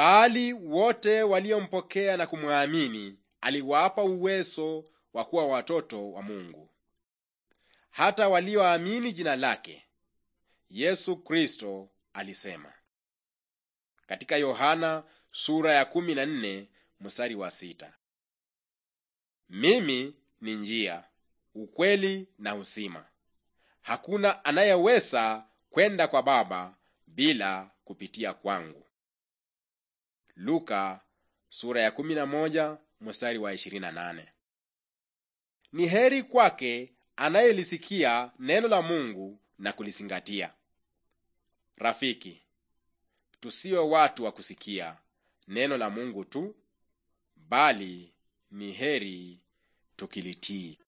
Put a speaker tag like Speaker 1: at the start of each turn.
Speaker 1: bali wote waliompokea na kumwamini aliwapa uwezo wa kuwa watoto wa Mungu, hata walioamini jina lake. Yesu Kristo alisema katika Yohana sura ya 14 mstari wa sita, mimi ni njia, ukweli na uzima, hakuna anayeweza kwenda kwa Baba bila kupitia kwangu. Luka sura ya moja mstari wa nane. Ni heri kwake anayelisikia neno la Mungu na kulizingatia. Rafiki, tusiwe watu wa kusikia neno la Mungu tu, bali ni heri tukilitii.